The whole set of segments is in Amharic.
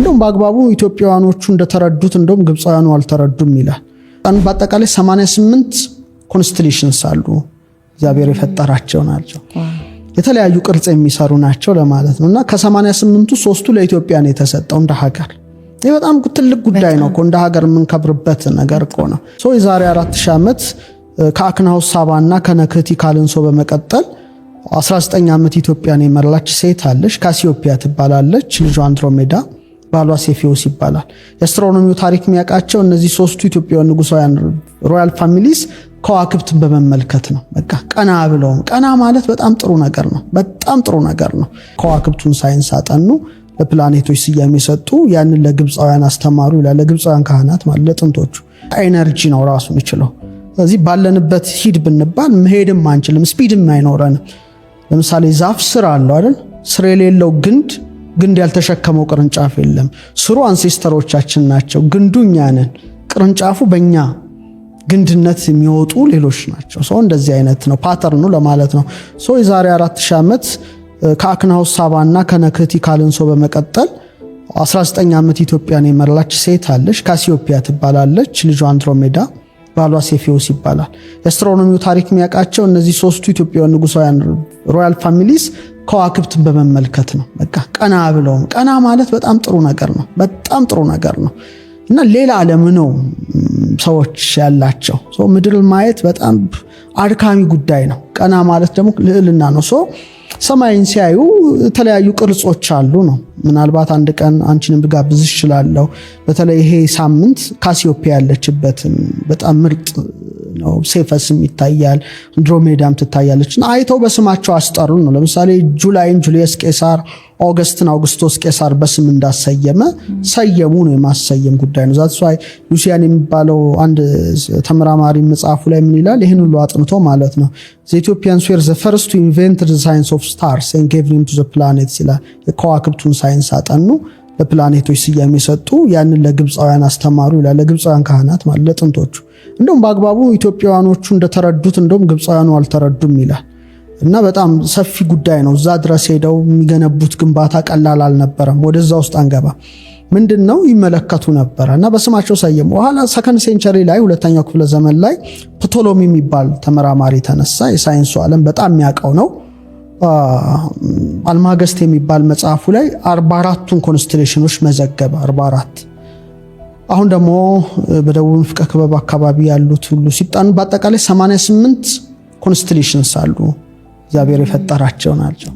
እንደውም በአግባቡ ኢትዮጵያውያኖቹ እንደተረዱት እንደውም ግብፃውያኑ አልተረዱም ይላል። በአጠቃላይ 88 ኮንስቲሌሽንስ አሉ። እግዚአብሔር የፈጠራቸው ናቸው። የተለያዩ ቅርጽ የሚሰሩ ናቸው ለማለት ነው። እና ከ88ቱ ሶስቱ ለኢትዮጵያ ነው የተሰጠው እንደ ሀገር። ይህ በጣም ትልቅ ጉዳይ ነው። እንደ ሀገር የምንከብርበት ነገር እኮ ነው። ሶ የዛሬ 4000 ዓመት ከአክናውስ እና ከነክቲ ካልንሶ በመቀጠል 19 ዓመት ኢትዮጵያን የመራች ሴት አለች። ካሲዮፒያ ትባላለች። ልጇ አንድሮሜዳ ባሏ ሴፊዮስ ይባላል። የአስትሮኖሚው ታሪክ የሚያውቃቸው እነዚህ ሶስቱ ኢትዮጵያውያን ንጉሳውያን ሮያል ፋሚሊስ ከዋክብትን በመመልከት ነው። በቃ ቀና ብለው ቀና ማለት በጣም ጥሩ ነገር ነው። በጣም ጥሩ ነገር ነው። ከዋክብቱን ሳይንስ አጠኑ፣ ለፕላኔቶች ስያሜ ሰጡ። ያንን ለግብፃውያን አስተማሩ ይላል። ለግብፃውያን ካህናት ማለት ለጥንቶቹ ኤነርጂ ነው ራሱ የሚችለው። ስለዚህ ባለንበት ሂድ ብንባል መሄድም አንችልም፣ ስፒድም አይኖረንም። ለምሳሌ ዛፍ ስር አለው አይደል? ስር የሌለው ግንድ ግንድ ያልተሸከመው ቅርንጫፍ የለም። ስሩ አንሴስተሮቻችን ናቸው፣ ግንዱ እኛ ነን። ቅርንጫፉ በእኛ ግንድነት የሚወጡ ሌሎች ናቸው። ሰው እንደዚህ አይነት ነው ፓተርኑ ለማለት ነው። ሰው የዛሬ አራት ሺህ ዓመት ከአክናውስ ሳባና ከነክህቲ ካልንሶ በመቀጠል 19 ዓመት ኢትዮጵያን የመራች ሴት አለች። ካሲዮፒያ ትባላለች። ልጇ አንድሮሜዳ ባሏ ሴፌዎስ ይባላል። የአስትሮኖሚው ታሪክ የሚያውቃቸው እነዚህ ሶስቱ ኢትዮጵያውያን ንጉሳውያን ሮያል ፋሚሊስ ከዋክብትን በመመልከት ነው። በቃ ቀና ብለውም ቀና ማለት በጣም ጥሩ ነገር ነው። በጣም ጥሩ ነገር ነው እና ሌላ ዓለም ነው ሰዎች ያላቸው። ምድር ማየት በጣም አድካሚ ጉዳይ ነው። ቀና ማለት ደግሞ ልዕልና ነው። ሰማይን ሲያዩ የተለያዩ ቅርጾች አሉ ነው። ምናልባት አንድ ቀን አንቺንም ልጋብዝሽ እችላለሁ። በተለይ ይሄ ሳምንት ካሲዮፔ ያለችበትን በጣም ምርጥ ነው። ሴፈስም ይታያል፣ አንድሮሜዳም ትታያለች። እና አይተው በስማቸው አስጠሩ ነው። ለምሳሌ ጁላይን ጁልየስ ቄሳር፣ ኦገስትን አውግስቶስ ቄሳር በስም እንዳሰየመ ሰየሙ ነው። የማሰየም ጉዳይ ነው። ዛት ሷይ ሉሲያን የሚባለው አንድ ተመራማሪ መጽሐፉ ላይ ምን ይላል? ይህን ሁሉ አጥንቶ ማለት ነው ኢትዮጵያን ዌር ዘ ፈርስት ቱ ኢንቨንት ሳይንስ ኦፍ ስታርስ ኤንድ ጌቭ ኔም ቱ ዘ ፕላኔትስ ይላል። የከዋክብቱን ሳይንስ አጠኑ ለፕላኔቶች ስያሜ ሰጡ። ያንን ለግብፃውያን አስተማሩ ይላል። ለግብፃውያን ካህናት ማለት ለጥንቶቹ እንደውም በአግባቡ ኢትዮጵያውያኖቹ እንደተረዱት እንደውም ግብፃውያኑ አልተረዱም ይላል እና በጣም ሰፊ ጉዳይ ነው። እዛ ድረስ ሄደው የሚገነቡት ግንባታ ቀላል አልነበረም። ወደዛ ውስጥ አንገባ ምንድን ነው ይመለከቱ ነበረ እና በስማቸው ሰየሙ። በኋላ ሰከንድ ሴንቸሪ ላይ ሁለተኛው ክፍለ ዘመን ላይ ፕቶሎሚ የሚባል ተመራማሪ ተነሳ። የሳይንሱ ዓለም በጣም የሚያውቀው ነው። አልማገስት የሚባል መጽሐፉ ላይ 44ቱን ኮንስቴሌሽኖች መዘገበ 44 አሁን ደግሞ በደቡብ ንፍቀ ክበብ አካባቢ ያሉት ሁሉ ሲጣኑ በአጠቃላይ 88 ኮንስትሌሽንስ አሉ። እግዚአብሔር የፈጠራቸው ናቸው።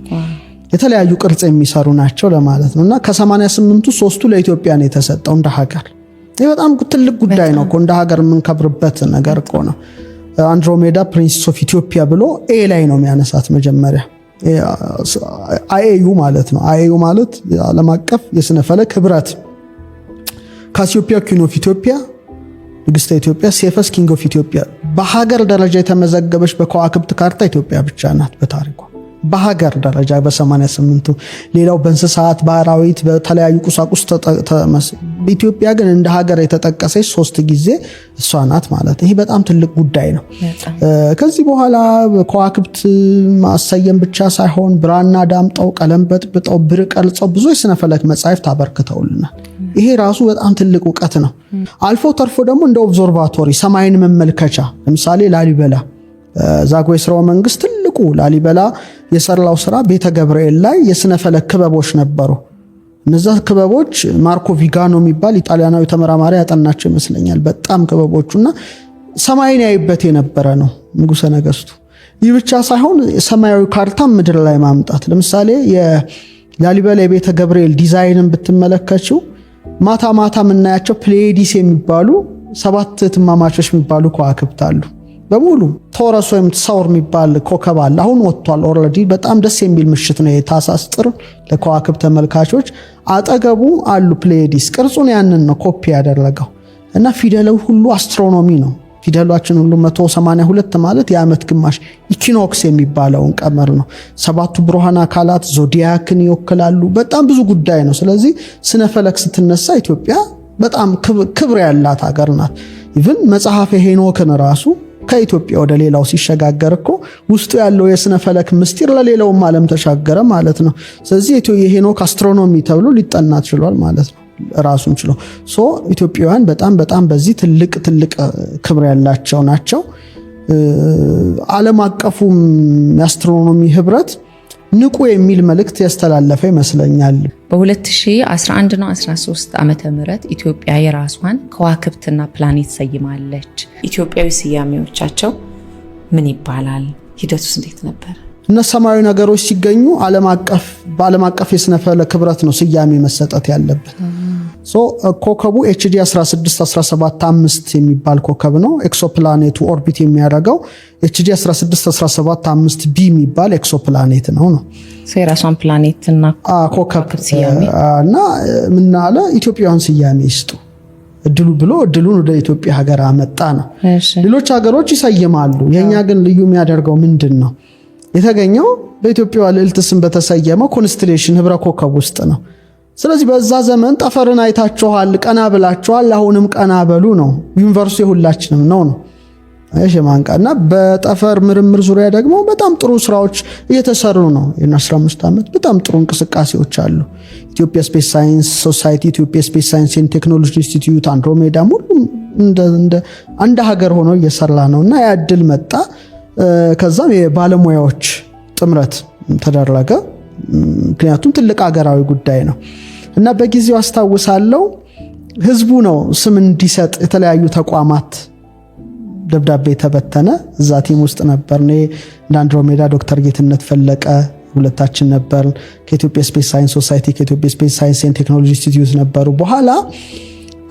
የተለያዩ ቅርጽ የሚሰሩ ናቸው ለማለት ነው እና ከ88ቱ ሶስቱ ለኢትዮጵያ ነው የተሰጠው እንደ ሀገር። ይህ በጣም ትልቅ ጉዳይ ነው እንደ ሀገር የምንከብርበት ነገር እኮ ነው። አንድሮሜዳ ፕሪንስስ ኦፍ ኢትዮጵያ ብሎ ኤ ላይ ነው የሚያነሳት መጀመሪያ አይኤዩ ማለት ነው። አይኤዩ ማለት ዓለም አቀፍ የስነ ፈለክ ህብረት ካሲዮፒያ ኪን ኦፍ ኢትዮጵያ ንግስተ ኢትዮጵያ ሴፈስ ኪንግ ኦፍ ኢትዮጵያ በሀገር ደረጃ የተመዘገበች በከዋክብት ካርታ ኢትዮጵያ ብቻ ናት በታሪኳ። በሀገር ደረጃ በ 88 ሌላው በእንስሳት በአራዊት በተለያዩ ቁሳቁስ ኢትዮጵያ ግን እንደ ሀገር የተጠቀሰች ሶስት ጊዜ እሷ ናት ማለት ይሄ በጣም ትልቅ ጉዳይ ነው። ከዚህ በኋላ ከዋክብት ማሰየም ብቻ ሳይሆን ብራና ዳምጠው፣ ቀለም በጥብጠው፣ ብር ቀልጸው ብዙ የስነፈለክ መጻሕፍት አበርክተውልናል። ይሄ ራሱ በጣም ትልቅ እውቀት ነው። አልፎ ተርፎ ደግሞ እንደ ኦብዘርቫቶሪ ሰማይን መመልከቻ ለምሳሌ ላሊበላ ዛጉዌ ስርወ መንግስት ትልቁ ላሊበላ የሰራው ስራ ቤተ ገብርኤል ላይ የስነ ፈለክ ክበቦች ነበሩ። እነዛ ክበቦች ማርኮ ቪጋኖ የሚባል ኢጣሊያናዊ ተመራማሪ ያጠናቸው ይመስለኛል። በጣም ክበቦቹና ሰማይን ያይበት የነበረ ነው ንጉሰ ነገስቱ ይህ ብቻ ሳይሆን ሰማያዊ ካርታ ምድር ላይ ማምጣት ለምሳሌ የላሊበላ የቤተ ገብርኤል ዲዛይንን ብትመለከችው ማታ ማታ የምናያቸው ፕሌዲስ የሚባሉ ሰባት ትማማቾች የሚባሉ ከዋክብት አሉ። በሙሉ ቶረስ ወይም ሰውር የሚባል ኮከብ አለ። አሁን ወጥቷል ኦልሬዲ። በጣም ደስ የሚል ምሽት ነው የታህሳስ ጥር ለከዋክብ ተመልካቾች። አጠገቡ አሉ ፕሌዲስ። ቅርጹን ያንን ነው ኮፒ ያደረገው እና ፊደለው ሁሉ አስትሮኖሚ ነው። ፊደሏችን ሁሉ 182 ማለት የዓመት ግማሽ ኢኪኖክስ የሚባለውን ቀመር ነው። ሰባቱ ብሩሃን አካላት ዞዲያክን ይወክላሉ። በጣም ብዙ ጉዳይ ነው። ስለዚህ ስነፈለክ ስትነሳ ኢትዮጵያ በጣም ክብር ያላት ሀገር ናት። ኢቭን መጽሐፍ ሄኖክን ራሱ ከኢትዮጵያ ወደ ሌላው ሲሸጋገር እኮ ውስጡ ያለው የስነ ፈለክ ምስጢር ለሌላውም ዓለም ተሻገረ ማለት ነው። ስለዚህ የሄኖክ አስትሮኖሚ ተብሎ ሊጠና ችሏል ማለት ነው ራሱን ችሎ። ሶ ኢትዮጵያውያን በጣም በጣም በዚህ ትልቅ ትልቅ ክብር ያላቸው ናቸው። ዓለም አቀፉም የአስትሮኖሚ ህብረት ንቁ የሚል መልእክት ያስተላለፈ ይመስለኛል። በ2011 ነው 13 ዓ ም ኢትዮጵያ የራሷን ከዋክብትና ፕላኔት ሰይማለች። ኢትዮጵያዊ ስያሜዎቻቸው ምን ይባላል? ሂደቱስ እንዴት ነበር? እነ ሰማያዊ ነገሮች ሲገኙ በዓለም አቀፍ የስነ ፈለክ ክብረት ነው ስያሜ መሰጠት ያለበት። ኮከቡ ኤችዲ 16175 የሚባል ኮከብ ነው። ኤክሶፕላኔቱ ኦርቢት የሚያደርገው ኤችዲ 16175 ቢ የሚባል ኤክሶፕላኔት ነው ነው የራሷን ፕላኔት እና ኮከብ እና ምናለ ኢትዮጵያውያን ስያሜ ይስጡ እድሉ ብሎ እድሉን ወደ ኢትዮጵያ ሀገር አመጣ ነው። ሌሎች ሀገሮች ይሰይማሉ። የእኛ ግን ልዩ የሚያደርገው ምንድን ነው? የተገኘው በኢትዮጵያ ልዕልት ስም በተሰየመው ኮንስቴሌሽን ህብረ ኮከብ ውስጥ ነው። ስለዚህ በዛ ዘመን ጠፈርን አይታችኋል፣ ቀና ብላችኋል። አሁንም ቀና በሉ ነው። ዩኒቨርሱ የሁላችንም ነው ነው እና በጠፈር ምርምር ዙሪያ ደግሞ በጣም ጥሩ ስራዎች እየተሰሩ ነው። የ15 ዓመት በጣም ጥሩ እንቅስቃሴዎች አሉ። ኢትዮጵያ ስፔስ ሳይንስ ሶሳይቲ፣ ኢትዮጵያ ስፔስ ሳይንስ ኤንድ ቴክኖሎጂ ኢንስቲትዩት፣ አንድሮሜዳም ሁሉም እንደ አንድ ሀገር ሆኖ እየሰራ ነው እና ያ መጣ። ከዛም የባለሙያዎች ጥምረት ተደረገ። ምክንያቱም ትልቅ አገራዊ ጉዳይ ነው እና በጊዜው አስታውሳለሁ ህዝቡ ነው ስም እንዲሰጥ የተለያዩ ተቋማት ደብዳቤ ተበተነ። እዛ ቲም ውስጥ ነበር እኔ እንደ አንድሮሜዳ ዶክተር ጌትነት ፈለቀ ሁለታችን ነበር። ከኢትዮጵያ ስፔስ ሳይንስ ሶሳይቲ ከኢትዮጵያ ስፔስ ሳይንስ ኤንድ ቴክኖሎጂ ኢንስቲትዩት ነበሩ። በኋላ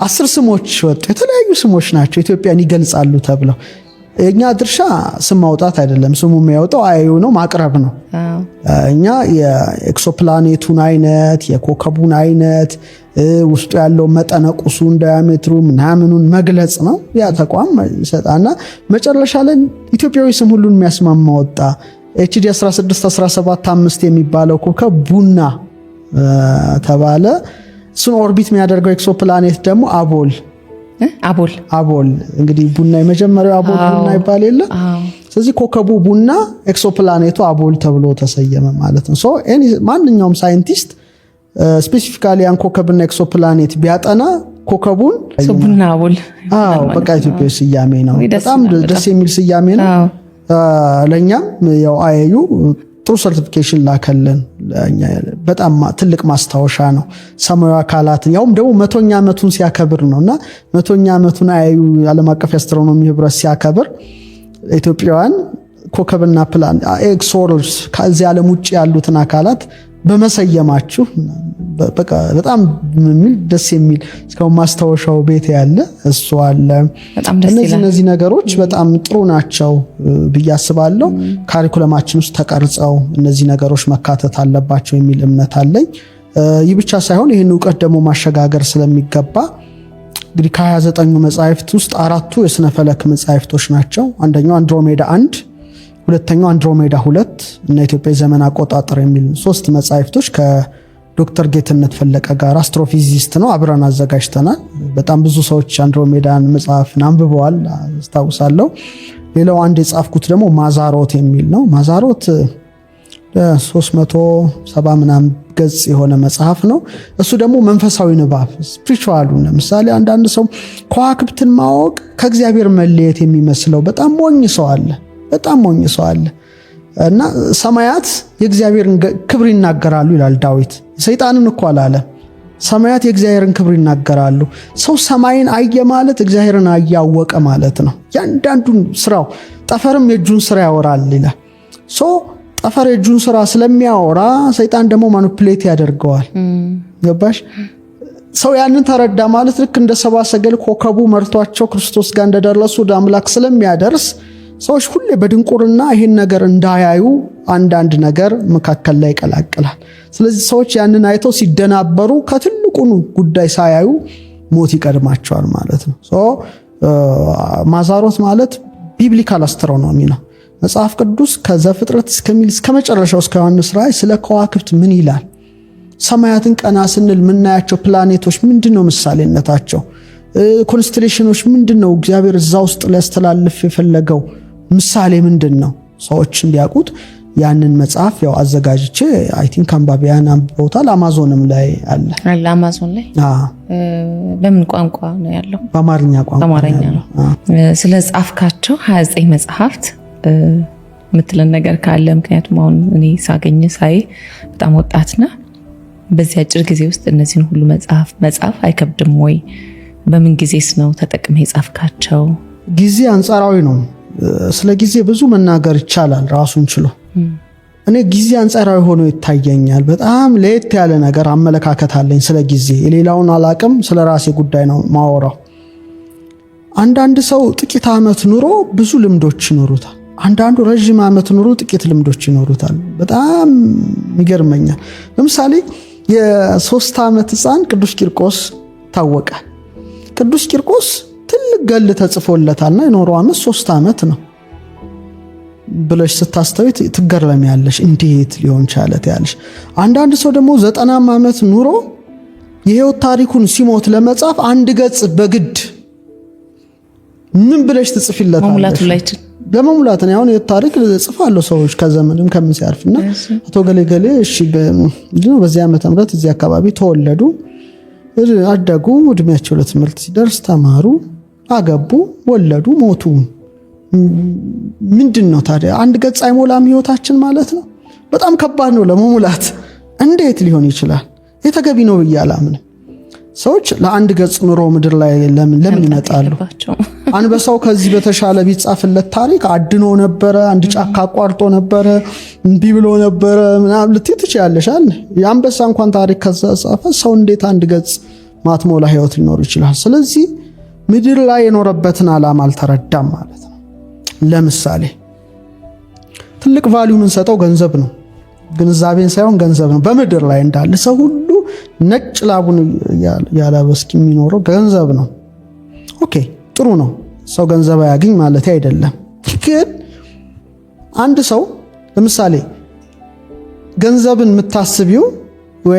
አስር ስሞች ወጡ። የተለያዩ ስሞች ናቸው ኢትዮጵያን ይገልጻሉ ተብለው የእኛ ድርሻ ስም ማውጣት አይደለም። ስሙ የሚያወጣው አይዩ ነው፣ ማቅረብ ነው። እኛ የኤክሶፕላኔቱን አይነት የኮከቡን አይነት ውስጡ ያለው መጠነ ቁሱን ዳያሜትሩ ምናምኑን መግለጽ ነው። ያ ተቋም ይሰጣና መጨረሻ ላይ ኢትዮጵያዊ ስም ሁሉን የሚያስማማ ወጣ። ኤችዲ 16175 የሚባለው ኮከብ ቡና ተባለ። እሱን ኦርቢት የሚያደርገው ኤክሶፕላኔት ደግሞ አቦል አቦል አቦል እንግዲህ ቡና የመጀመሪያው አቦል ቡና ይባል የለ። ስለዚህ ኮከቡ ቡና ኤክሶፕላኔቱ አቦል ተብሎ ተሰየመ ማለት ነው። ማንኛውም ሳይንቲስት ስፔሲፊካሊ ያን ኮከብና ኤክሶፕላኔት ቢያጠና ኮከቡን ቡና አቦል በቃ ኢትዮጵያ ስያሜ ነው። በጣም ደስ የሚል ስያሜ ነው። ለእኛም ያው አየዩ ጥሩ ሰርቲፊኬሽን ላከልን። በጣም ትልቅ ማስታወሻ ነው። ሰማያዊ አካላትን ያውም ደግሞ መቶኛ ዓመቱን ሲያከብር ነው እና መቶኛ ዓመቱን አያዩ ዓለም አቀፍ የአስትሮኖሚ ህብረት ሲያከብር ኢትዮጵያውያን ኮከብና ፕላን ኤክሶርስ ከዚህ ዓለም ውጭ ያሉትን አካላት በመሰየማችሁ በቃ በጣም የሚል ደስ የሚል እስካሁን ማስታወሻው ቤት ያለ እሱ አለ። እነዚህ እነዚህ ነገሮች በጣም ጥሩ ናቸው ብዬ አስባለሁ። ካሪኩለማችን ውስጥ ተቀርጸው እነዚህ ነገሮች መካተት አለባቸው የሚል እምነት አለኝ። ይህ ብቻ ሳይሆን ይህን እውቀት ደግሞ ማሸጋገር ስለሚገባ እንግዲህ ከ29 መጽሐፍት ውስጥ አራቱ የስነ ፈለክ መጽሐፍቶች ናቸው። አንደኛው አንድሮሜዳ አንድ ሁለተኛው አንድሮሜዳ ሁለት እና ኢትዮጵያ ዘመን አቆጣጠር የሚል ሶስት መጽሐፍቶች ከዶክተር ጌትነት ፈለቀ ጋር አስትሮፊዚስት ነው አብረን አዘጋጅተናል። በጣም ብዙ ሰዎች አንድሮሜዳን መጽሐፍን አንብበዋል አስታውሳለሁ። ሌላው አንድ የጻፍኩት ደግሞ ማዛሮት የሚል ነው። ማዛሮት 370 ምናምን ገጽ የሆነ መጽሐፍ ነው። እሱ ደግሞ መንፈሳዊ ንባብ ስፒሪቹዋሉ። ለምሳሌ አንዳንድ ሰው ከዋክብትን ማወቅ ከእግዚአብሔር መለየት የሚመስለው በጣም ሞኝ ሰው አለ። በጣም ሞኝ ሰው አለ እና ሰማያት የእግዚአብሔርን ክብር ይናገራሉ ይላል ዳዊት። ሰይጣንን እኮ አላለ። ሰማያት የእግዚአብሔርን ክብር ይናገራሉ። ሰው ሰማይን አየ ማለት እግዚአብሔርን አያወቀ ማለት ነው። ያንዳንዱን ስራው ጠፈርም የእጁን ስራ ያወራል ይላል። ጠፈር የእጁን ስራ ስለሚያወራ ሰይጣን ደግሞ ማኒፕሌት ያደርገዋል። ገባሽ? ሰው ያንን ተረዳ ማለት ልክ እንደ ሰብአ ሰገል ኮከቡ መርቷቸው ክርስቶስ ጋር እንደደረሱ ወደ አምላክ ስለሚያደርስ ሰዎች ሁሌ በድንቁርና ይህን ነገር እንዳያዩ አንዳንድ ነገር መካከል ላይ ይቀላቅላል። ስለዚህ ሰዎች ያንን አይተው ሲደናበሩ ከትልቁን ጉዳይ ሳያዩ ሞት ይቀድማቸዋል ማለት ነው። ማዛሮት ማለት ቢብሊካል አስትሮኖሚ ነው። መጽሐፍ ቅዱስ ከዘፍጥረት እስከሚል እስከ መጨረሻው እስከ ዮሐንስ ራእይ ስለ ከዋክብት ምን ይላል? ሰማያትን ቀና ስንል የምናያቸው ፕላኔቶች ምንድን ነው ምሳሌነታቸው? ኮንስቴሌሽኖች ምንድን ነው እግዚአብሔር እዛ ውስጥ ሊያስተላልፍ የፈለገው ምሳሌ ምንድን ነው? ሰዎች እንዲያውቁት ያንን መጽሐፍ ያው አዘጋጅቼ አይ ቲንክ አንባቢያን አንብበውታል። አማዞንም ላይ አለ። አማዞን ላይ በምን ቋንቋ ነው ያለው? በአማርኛ ቋንቋ ነው። ስለ ጻፍካቸው 29 መጽሐፍት የምትለን ነገር ካለ ምክንያቱም አሁን እኔ ሳገኝ ሳይ በጣም ወጣትና በዚህ አጭር ጊዜ ውስጥ እነዚህን ሁሉ መጽሐፍ መጽሐፍ አይከብድም ወይ? በምን ጊዜስ ነው ተጠቅመህ የጻፍካቸው? ጊዜ አንጻራዊ ነው። ስለ ጊዜ ብዙ መናገር ይቻላል ራሱን ችሎ። እኔ ጊዜ አንጻራዊ ሆኖ ይታየኛል። በጣም ለየት ያለ ነገር አመለካከት አለኝ ስለ ጊዜ። የሌላውን አላቅም፣ ስለ ራሴ ጉዳይ ነው ማወራው። አንዳንድ ሰው ጥቂት ዓመት ኑሮ ብዙ ልምዶች ይኖሩታል። አንዳንዱ ረዥም ዓመት ኑሮ ጥቂት ልምዶች ይኖሩታል። በጣም ይገርመኛል። ለምሳሌ የሶስት ዓመት ህፃን ቅዱስ ቂርቆስ ታወቀ። ቅዱስ ቂርቆስ ትልቅ ገል ተጽፎለታልና የኖረው ዓመት ሶስት ዓመት ነው ብለሽ ስታስተዊ ትገረሚያለሽ። እንዴት ሊሆን ቻለት ያለሽ። አንዳንድ ሰው ደግሞ ዘጠናም ዓመት ኑሮ የህይወት ታሪኩን ሲሞት ለመጻፍ አንድ ገጽ በግድ ምን ብለሽ ትጽፊለታለሽ? ለመሙላት ነው። አሁን የህይወት ታሪክ ጽፋለሁ ሰዎች ከዘመንም ከምን ሲያርፍ እና አቶ ገሌ ገሌ እሺ፣ በዚህ ዓመተ ምህረት እዚህ አካባቢ ተወለዱ፣ አደጉ፣ እድሜያቸው ለትምህርት ሲደርስ ተማሩ አገቡ፣ ወለዱ፣ ሞቱ። ምንድን ነው ታዲያ አንድ ገጽ አይሞላም ህይወታችን ማለት ነው። በጣም ከባድ ነው ለመሙላት። እንዴት ሊሆን ይችላል? የተገቢ ነው ብዬ አላምንም። ሰዎች ለአንድ ገጽ ኑሮ ምድር ላይ ለምን ይመጣሉ? አንበሳው ከዚህ በተሻለ ቢጻፍለት ታሪክ አድኖ ነበረ፣ አንድ ጫካ አቋርጦ ነበረ፣ እምቢ ብሎ ነበረ ምናምን ልትይ ትችያለሽ። የአንበሳ እንኳን ታሪክ ከዛ ጻፈ ሰው እንዴት አንድ ገጽ ማትሞላ ህይወት ሊኖር ይችላል? ስለዚህ ምድር ላይ የኖረበትን ዓላማ አልተረዳም ማለት ነው። ለምሳሌ ትልቅ ቫሊዩ የምንሰጠው ገንዘብ ነው፣ ግንዛቤን ሳይሆን ገንዘብ ነው። በምድር ላይ እንዳለ ሰው ሁሉ ነጭ ላቡን ያለበስኪ የሚኖረው ገንዘብ ነው። ኦኬ ጥሩ ነው፣ ሰው ገንዘብ አያገኝ ማለት አይደለም። ግን አንድ ሰው ለምሳሌ ገንዘብን የምታስቢው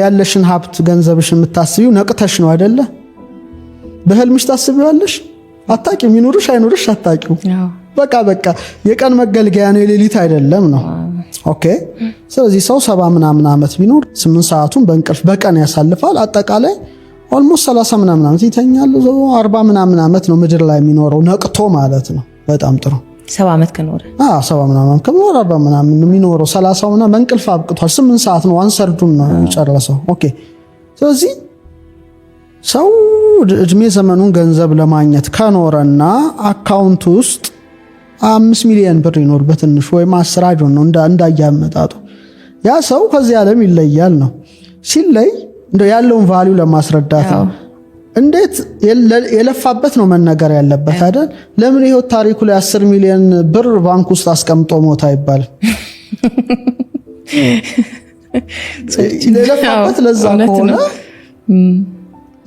ያለሽን ሀብት ገንዘብሽን የምታስቢው ነቅተሽ ነው አይደለ በህልምሽ ታስቢዋለሽ? አታቂም። ይኑርሽ አይኑርሽ አታቂው። በቃ በቃ የቀን መገልገያ ነው፣ የሌሊት አይደለም ነው። ኦኬ። ስለዚህ ሰው ሰባ ምናምን ዓመት ቢኖር ስምንት ሰዓቱን በእንቅልፍ በቀን ያሳልፋል። አጠቃላይ ኦልሞስት ሰላሳ ምናምን ዓመት ይተኛል። አርባ ምናምን ዓመት ነው ምድር ላይ የሚኖረው ነቅቶ ማለት ነው። በጣም ጥሩ ሰባ ዓመት ከኖረ ሰባ ምናምን ከኖረ አርባ ምናምን የሚኖረው ሰላሳው ምናምን በእንቅልፍ አብቅቷል። ስምንት ሰዓት ነው፣ ዋንሰርዱን ነው የጨረሰው። ኦኬ። ስለዚህ ሰው እድሜ ዘመኑን ገንዘብ ለማግኘት ከኖረና አካውንት ውስጥ አምስት ሚሊዮን ብር ይኖር በትንሹ ወይም አስራጆ ነው እንዳያመጣጡ ያ ሰው ከዚህ ዓለም ይለያል ነው። ሲለይ ያለውን ቫሊዩ ለማስረዳት ነው። እንዴት የለፋበት ነው መነገር ያለበት አይደል? ለምን የህይወት ታሪኩ ላይ አስር ሚሊዮን ብር ባንክ ውስጥ አስቀምጦ ሞታ አይባልም። የለፋበት ለዛ ከሆነ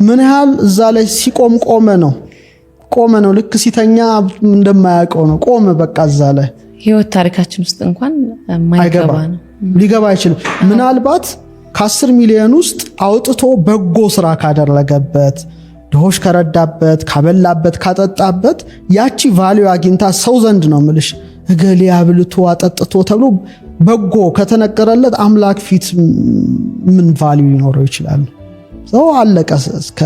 ምን ያህል እዛ ላይ ሲቆም ቆመ ነው ቆመ ነው። ልክ ሲተኛ እንደማያውቀው ነው ቆመ። በቃ እዛ ላይ ህይወት ታሪካችን ውስጥ እንኳን ማይገባ ነው፣ ሊገባ አይችልም። ምናልባት ከአስር ሚሊዮን ውስጥ አውጥቶ በጎ ስራ ካደረገበት ድሆሽ ከረዳበት ካበላበት ካጠጣበት ያቺ ቫሊዩ አግኝታ ሰው ዘንድ ነው ምልሽ እገሌ አብልቶ አጠጥቶ ተብሎ በጎ ከተነገረለት አምላክ ፊት ምን ቫሊዩ ሊኖረው ይችላል? ሰው አለቀ እስከ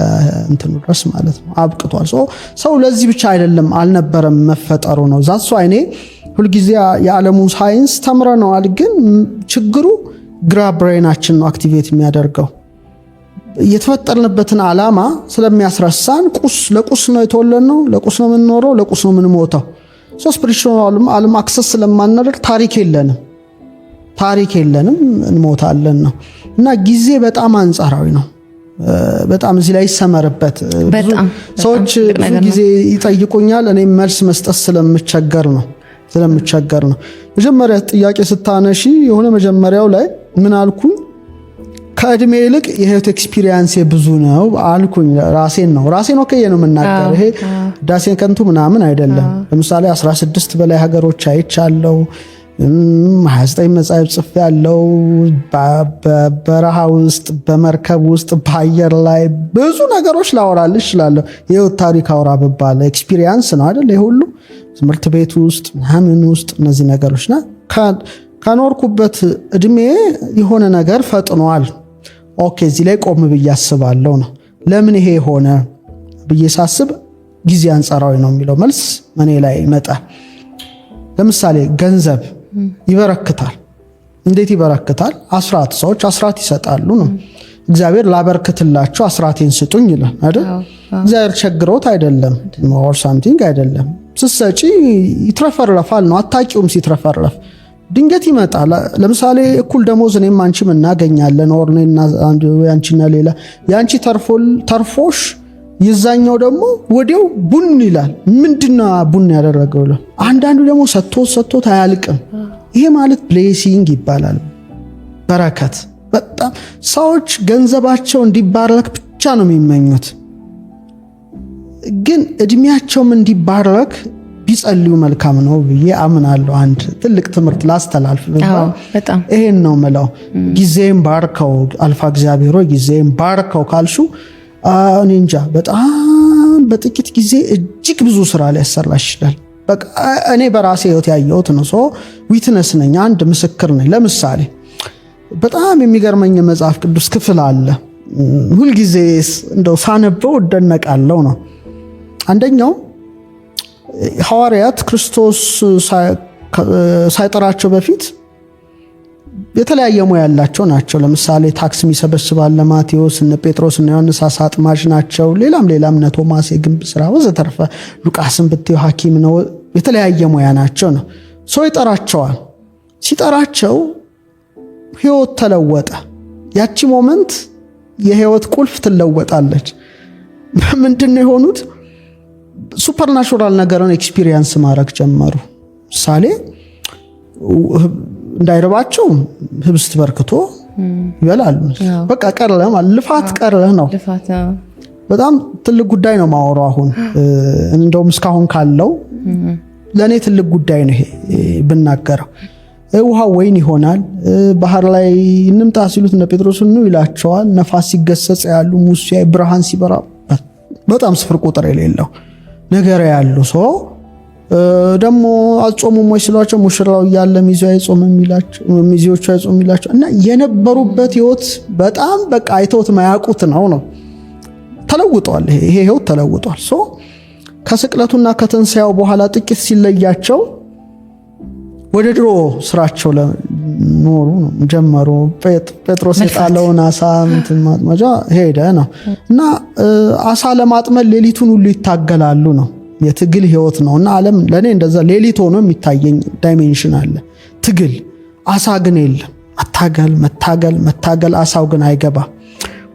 እንትኑ ድረስ ማለት ነው፣ አብቅቷል። ሰው ለዚህ ብቻ አይደለም አልነበረም መፈጠሩ ነው። ዛሷ አይኔ ሁልጊዜ የዓለሙ ሳይንስ ተምረነዋል፣ ግን ችግሩ ግራ ብሬናችን ነው አክቲቬት የሚያደርገው የተፈጠርንበትን ዓላማ ስለሚያስረሳን ቁስ ለቁስ ነው ነው፣ ለቁስ ነው የምንኖረው፣ ለቁስ ነው የምንሞተው። ስፒሪቹዋልም ዓለም አክሰስ ስለማናደርግ ታሪክ የለንም ታሪክ የለንም፣ እንሞታለን ነው እና ጊዜ በጣም አንጻራዊ ነው። በጣም እዚህ ላይ ይሰመርበት። ሰዎች ብዙ ጊዜ ይጠይቁኛል፣ እኔም መልስ መስጠት ስለምቸገር ነው ስለምቸገር ነው። መጀመሪያ ጥያቄ ስታነሺ የሆነ መጀመሪያው ላይ ምን አልኩኝ? ከእድሜ ይልቅ የህይወት ኤክስፒሪየንስ ብዙ ነው አልኩኝ። ራሴን ነው ራሴን ወከየ ነው የምናገር። ይሄ ዳሴን ከንቱ ምናምን አይደለም። ለምሳሌ 16 በላይ ሀገሮች አይቻለው። ሀያ ዘጠኝ መጽሐፍ ጽፍ ያለው በበረሃ ውስጥ በመርከብ ውስጥ በአየር ላይ ብዙ ነገሮች ላወራልሽ እችላለሁ። የህይወት ታሪክ አውራ ብባል ኤክስፒሪየንስ ነው አይደል? የሁሉ ትምህርት ቤት ውስጥ ምን ውስጥ እነዚህ ነገሮችና ከኖርኩበት እድሜ የሆነ ነገር ፈጥኗል። ኦኬ እዚህ ላይ ቆም ብዬ አስባለሁ ነው። ለምን ይሄ የሆነ ብዬ ሳስብ ጊዜ አንጻራዊ ነው የሚለው መልስ እኔ ላይ ይመጣል። ለምሳሌ ገንዘብ ይበረክታል። እንዴት ይበረክታል? አስራት ሰዎች አስራት ይሰጣሉ ነው። እግዚአብሔር ላበርክትላቸው አስራቴን ስጡኝ ይላል አይደል? እግዚአብሔር ቸግሮት አይደለም፣ ኦር ሳምቲንግ አይደለም። ስትሰጪ ይትረፈረፋል ነው፣ አታቂውም ሲትረፈረፍ ድንገት ይመጣል። ለምሳሌ እኩል ደሞዝ እኔም አንቺም እናገኛለን፣ ኦር ሌላ የአንቺ ተርፎሽ የዛኛው ደግሞ ወዲያው ቡን ይላል። ምንድና ቡን ያደረገው አንዳንዱ ደግሞ ሰጥቶት ሰጥቶት አያልቅም። ይሄ ማለት ብሌሲንግ ይባላል። በረከት በጣም ሰዎች ገንዘባቸው እንዲባረክ ብቻ ነው የሚመኙት። ግን እድሜያቸውም እንዲባረክ ቢጸልዩ መልካም ነው ብዬ አምናለሁ። አንድ ትልቅ ትምህርት ላስተላልፍ ይሄን ነው ምለው። ጊዜም ባርከው አልፋ እግዚአብሔሮ ጊዜም ባርከው ካልሹ እኔ እንጃ በጣም በጥቂት ጊዜ እጅግ ብዙ ስራ ሊያሰራ ይችላል። በቃ እኔ በራሴ ህይወት ያየሁት ነው። ዊትነስ ነኝ፣ አንድ ምስክር ነኝ። ለምሳሌ በጣም የሚገርመኝ የመጽሐፍ ቅዱስ ክፍል አለ። ሁልጊዜ እንደው ሳነበው እደነቃለሁ ነው። አንደኛው ሐዋርያት ክርስቶስ ሳይጠራቸው በፊት የተለያየ ሙያ ያላቸው ናቸው። ለምሳሌ ታክስ የሚሰበስባል ለማቴዎስ እነ ጴጥሮስ እና ዮሐንስ አሳ ናቸው። ሌላም ሌላም እነ ቶማስ የግንብ ስራ ወዘተርፈ፣ ሉቃስን ብትዩ ሐኪም ነው። የተለያየ ሙያ ናቸው ነው። ሰው ይጠራቸዋል። ሲጠራቸው ህይወት ተለወጠ። ያቺ ሞመንት የህይወት ቁልፍ ትለወጣለች። ምንድን ነው የሆኑት? ሱፐርናቹራል ነገርን ኤክስፒሪየንስ ማድረግ ጀመሩ። ምሳሌ እንዳይርባቸው ህብስት በርክቶ ይበላሉ። በቃ ቀረ ልፋት ቀረ ነው። በጣም ትልቅ ጉዳይ ነው ማወሩ አሁን እንደውም እስካሁን ካለው ለእኔ ትልቅ ጉዳይ ነው ይሄ ብናገረው። ውሃ ወይን ይሆናል። ባህር ላይ እንምጣ ሲሉት እነ ጴጥሮስ ኑ ይላቸዋል። ነፋስ ሲገሰጽ ያሉ ሙሴ ብርሃን ሲበራ በጣም ስፍር ቁጥር የሌለው ነገር ያሉ ሰው ደግሞ አጾሙም ወይ ስሏቸው ሙሽራው እያለ ሚዜው አይጾምም ሚዜዎቹ አይጾም ይላቸው እና የነበሩበት ህይወት በጣም በቃ አይተውት ማያውቁት ነው ነው ተለውጧል። ይሄ ህይወት ተለውጧል። ሶ ከስቅለቱና ከትንሣኤው በኋላ ጥቂት ሲለያቸው ወደ ድሮ ስራቸው ኖሩ ጀመሩ። ጴጥሮስ የጣለውን አሳ እንትን ማጥመጃ ሄደ ነው እና አሳ ለማጥመድ ሌሊቱን ሁሉ ይታገላሉ ነው የትግል ህይወት ነውና ዓለም ለእኔ እንደዛ ሌሊት ሆኖ የሚታየኝ ዳይሜንሽን አለ። ትግል አሳ ግን የለም። መታገል መታገል መታገል፣ አሳው ግን አይገባ።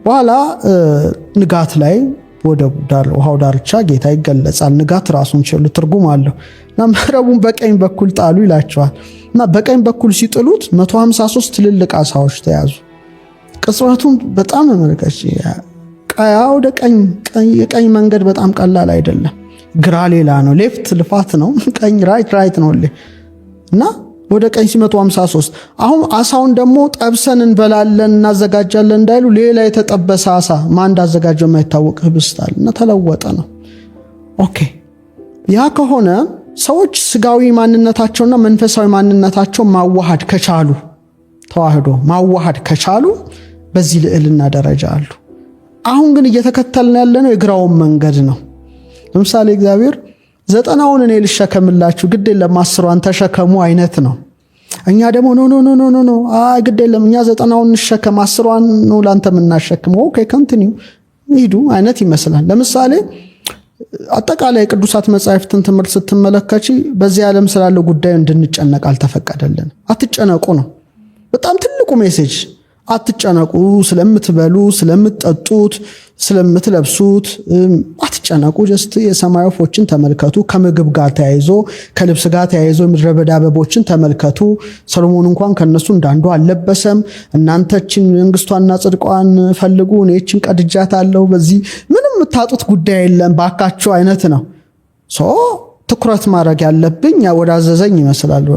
በኋላ ንጋት ላይ ወደ ውሃው ዳርቻ ጌታ ይገለጻል። ንጋት ራሱን ችሉ ትርጉም አለው እና መረቡን በቀኝ በኩል ጣሉ ይላቸዋል እና በቀኝ በኩል ሲጥሉት 153 ትልልቅ አሳዎች ተያዙ። ቅጽበቱን በጣም መመልከች ቀያ ወደ ቀኝ የቀኝ መንገድ በጣም ቀላል አይደለም። ግራ ሌላ ነው፣ ሌፍት ልፋት ነው፣ ቀኝ ራይት ራይት ነው እና ወደ ቀኝ ሲመጡ 53 አሁን አሳውን ደግሞ ጠብሰን እንበላለን እናዘጋጃለን እንዳይሉ ሌላ የተጠበሰ አሳ ማን እንዳዘጋጀው የማይታወቅ ህብስት እና ተለወጠ ነው። ኦኬ ያ ከሆነ ሰዎች ስጋዊ ማንነታቸውና መንፈሳዊ ማንነታቸው ማዋሃድ ከቻሉ ተዋህዶ ማዋሃድ ከቻሉ በዚህ ልዕልና ደረጃ አሉ። አሁን ግን እየተከተልን ያለነው የግራውን መንገድ ነው። ለምሳሌ እግዚአብሔር ዘጠናውን እኔ ልሸከምላችሁ ግድ የለም አስሯን ተሸከሙ አይነት ነው። እኛ ደግሞ ኖ ኖ ኖ ኖ ኖ አይ ግድ የለም እኛ ዘጠናውን እንሸከም አስሯን ነው ላንተ የምናሸክም ኦኬ ከንትኒው ሂዱ አይነት ይመስላል። ለምሳሌ አጠቃላይ ቅዱሳት መጻሕፍትን ትምህርት ስትመለከች በዚህ ዓለም ስላለው ጉዳይ እንድንጨነቅ አልተፈቀደልን። አትጨነቁ ነው በጣም ትልቁ ሜሴጅ። አትጨነቁ ስለምትበሉ፣ ስለምትጠጡት፣ ስለምትለብሱት አትጨነቁ። ጀስት የሰማይ ወፎችን ተመልከቱ። ከምግብ ጋር ተያይዞ ከልብስ ጋር ተያይዞ የምድረ በዳ አበቦችን ተመልከቱ። ሰሎሞን እንኳን ከነሱ እንዳንዱ አልለበሰም። እናንተችን መንግስቷና ጽድቋን ፈልጉ፣ እኔችን ቀድጃታለሁ። በዚህ ምንም የምታጡት ጉዳይ የለም ባካቸው አይነት ነው። ትኩረት ማድረግ ያለብኝ ወዳዘዘኝ ይመስላል።